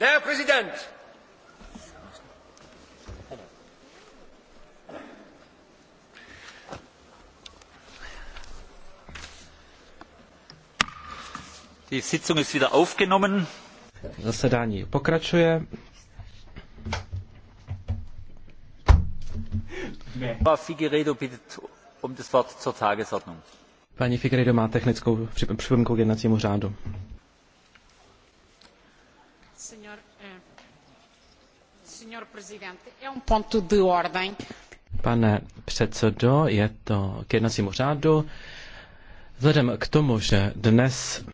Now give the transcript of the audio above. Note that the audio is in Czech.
Herr Präsident! Die Sitzung ist wieder aufgenommen. Zasedání pokračuje. Figueredo bittet um das Wort zur Tagesordnung. Paní Figueredo má technickou připomínku k jednacímu řádu. Senhor, eh, senhor é um ponto de ordem. Pane předsedo, je to k jednacímu řádu. Vzhledem k tomu, že dnes